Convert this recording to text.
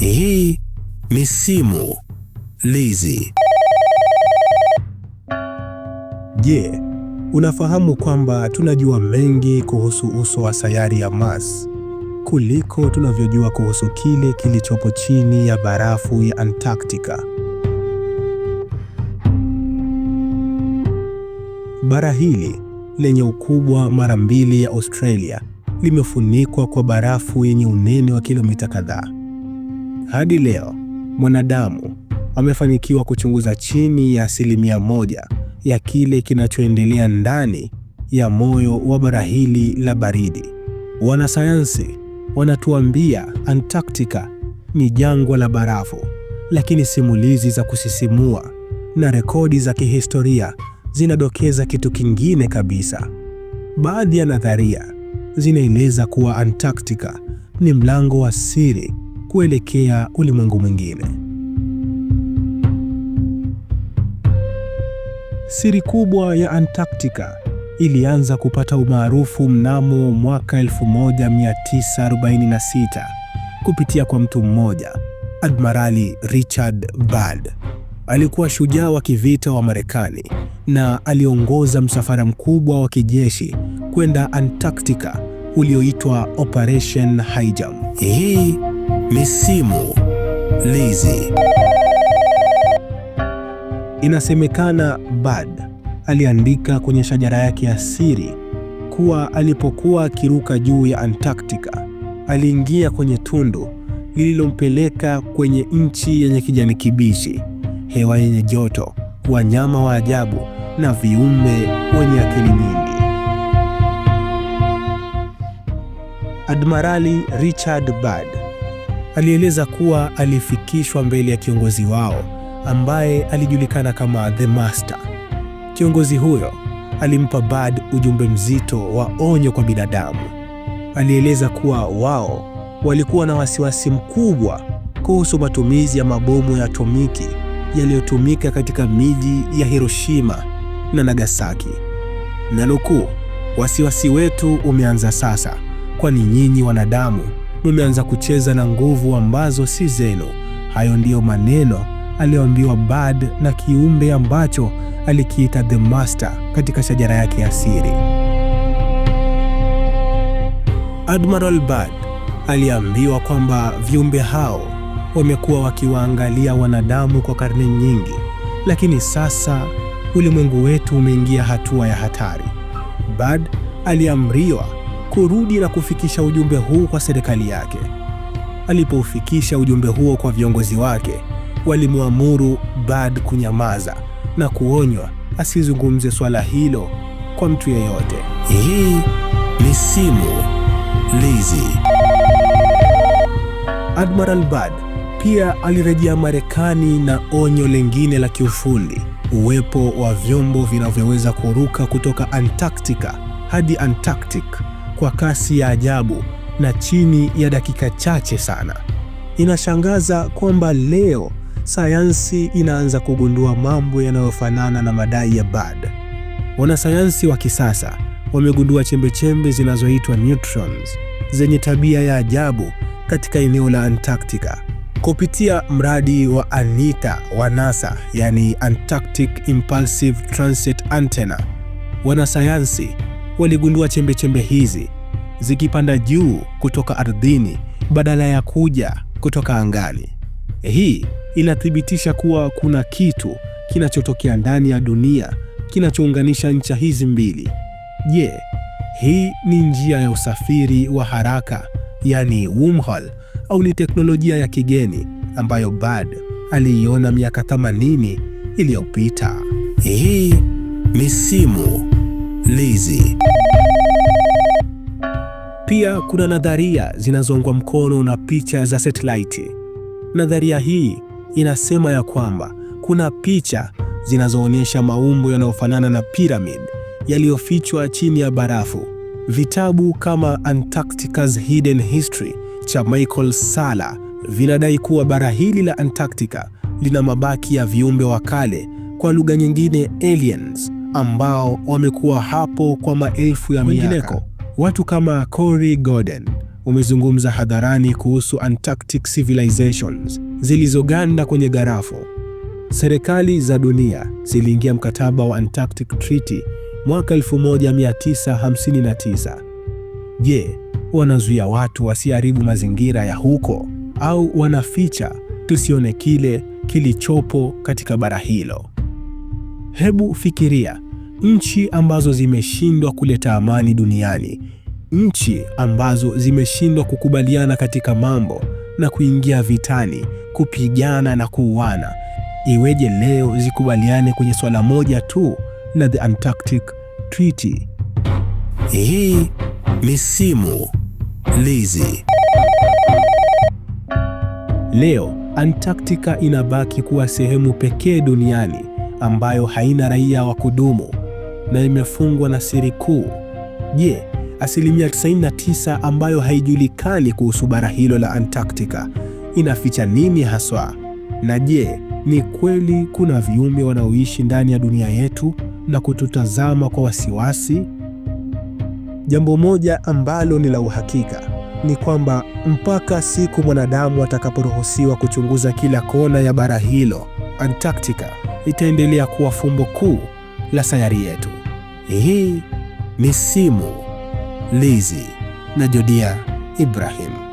Hii ni simu lizi. Je, unafahamu kwamba tunajua mengi kuhusu uso wa sayari ya Mars kuliko tunavyojua kuhusu kile kilichopo chini ya barafu ya Antarctica? Bara hili lenye ukubwa mara mbili ya Australia limefunikwa kwa barafu yenye unene wa kilomita kadhaa. Hadi leo mwanadamu amefanikiwa kuchunguza chini ya asilimia moja ya kile kinachoendelea ndani ya moyo wa bara hili la baridi. Wanasayansi wanatuambia Antarctica ni jangwa la barafu, lakini simulizi za kusisimua na rekodi za kihistoria zinadokeza kitu kingine kabisa. Baadhi ya nadharia zinaeleza kuwa Antarctica ni mlango wa siri kuelekea ulimwengu mwingine. Siri kubwa ya Antarctica ilianza kupata umaarufu mnamo mwaka 1946 kupitia kwa mtu mmoja, Admirali Richard Byrd. Alikuwa shujaa wa kivita wa Marekani na aliongoza msafara mkubwa wa kijeshi kwenda Antarctica ulioitwa Operation High Hii Misimu Lizi. Inasemekana bad aliandika kwenye shajara yake ya siri kuwa alipokuwa akiruka juu ya Antarctica aliingia kwenye tundu lililompeleka kwenye nchi yenye kijani kibichi, hewa yenye joto, wanyama wa ajabu na viumbe wenye akili nyingi. admarali Richard bad alieleza kuwa alifikishwa mbele ya kiongozi wao ambaye alijulikana kama The Master. Kiongozi huyo alimpa Bad ujumbe mzito wa onyo kwa binadamu. Alieleza kuwa wao walikuwa na wasiwasi mkubwa kuhusu matumizi ya mabomu ya atomiki yaliyotumika katika miji ya Hiroshima na Nagasaki. Na nukuu, wasiwasi wetu umeanza sasa, kwani nyinyi wanadamu mmeanza kucheza na nguvu ambazo si zenu. Hayo ndiyo maneno aliyoambiwa bad na kiumbe ambacho alikiita The Master katika shajara yake ya siri. Admiral Bad aliambiwa kwamba viumbe hao wamekuwa wakiwaangalia wanadamu kwa karne nyingi, lakini sasa ulimwengu wetu umeingia hatua ya hatari. bad aliamriwa kurudi na kufikisha ujumbe huu kwa serikali yake. Alipoufikisha ujumbe huo kwa viongozi wake, walimwamuru Bad kunyamaza na kuonywa asizungumze swala hilo kwa mtu yeyote. Hii ni Simu Lizi. Admiral Bad pia alirejea Marekani na onyo lingine la kiufundi: uwepo wa vyombo vinavyoweza kuruka kutoka Antarctica hadi Antarctic kwa kasi ya ajabu na chini ya dakika chache sana. Inashangaza kwamba leo sayansi inaanza kugundua mambo yanayofanana na madai ya Bard. Wanasayansi wa kisasa wamegundua chembechembe zinazoitwa neutrons zenye tabia ya ajabu katika eneo la Antarctica kupitia mradi wa ANITA wa NASA, yani Antarctic Impulsive Transit Antenna. Wanasayansi waligundua chembechembe chembe hizi zikipanda juu kutoka ardhini badala ya kuja kutoka angani. Hii inathibitisha kuwa kuna kitu kinachotokea ndani ya dunia kinachounganisha ncha hizi mbili. Je, hii ni njia ya usafiri wa haraka yaani wormhole, au ni teknolojia ya kigeni ambayo bad aliiona miaka 80 iliyopita? Hii ni simu lazy. Pia kuna nadharia zinazoungwa mkono na picha za satellite. Nadharia hii inasema ya kwamba kuna picha zinazoonyesha maumbo yanayofanana na pyramid yaliyofichwa chini ya barafu. Vitabu kama Antarctica's Hidden History cha Michael Sala vinadai kuwa bara hili la Antarctica lina mabaki ya viumbe wa kale, kwa lugha nyingine aliens ambao wamekuwa hapo kwa maelfu ya miaka. Watu kama Corey Gordon wamezungumza hadharani kuhusu Antarctic civilizations zilizoganda kwenye garafu. Serikali za dunia ziliingia mkataba wa Antarctic Treaty mwaka 1959. Je, wanazuia watu wasiharibu mazingira ya huko au wanaficha tusione kile kilichopo katika bara hilo? Hebu fikiria nchi ambazo zimeshindwa kuleta amani duniani, nchi ambazo zimeshindwa kukubaliana katika mambo na kuingia vitani, kupigana na kuuana, iweje leo zikubaliane kwenye swala moja tu la the Antarctic Treaty? Hii ni simu lizi. Leo Antarctica inabaki kuwa sehemu pekee duniani ambayo haina raia wa kudumu na imefungwa na siri kuu. Je, asilimia 99 ambayo haijulikani kuhusu bara hilo la Antarctica inaficha nini haswa? Na je, ni kweli kuna viumbe wanaoishi ndani ya dunia yetu na kututazama kwa wasiwasi? Jambo moja ambalo ni la uhakika ni kwamba mpaka siku mwanadamu atakaporuhusiwa kuchunguza kila kona ya bara hilo Antarctica litaendelea kuwa fumbo kuu la sayari yetu. Hii ni simu lizi na Jodia Ibrahim.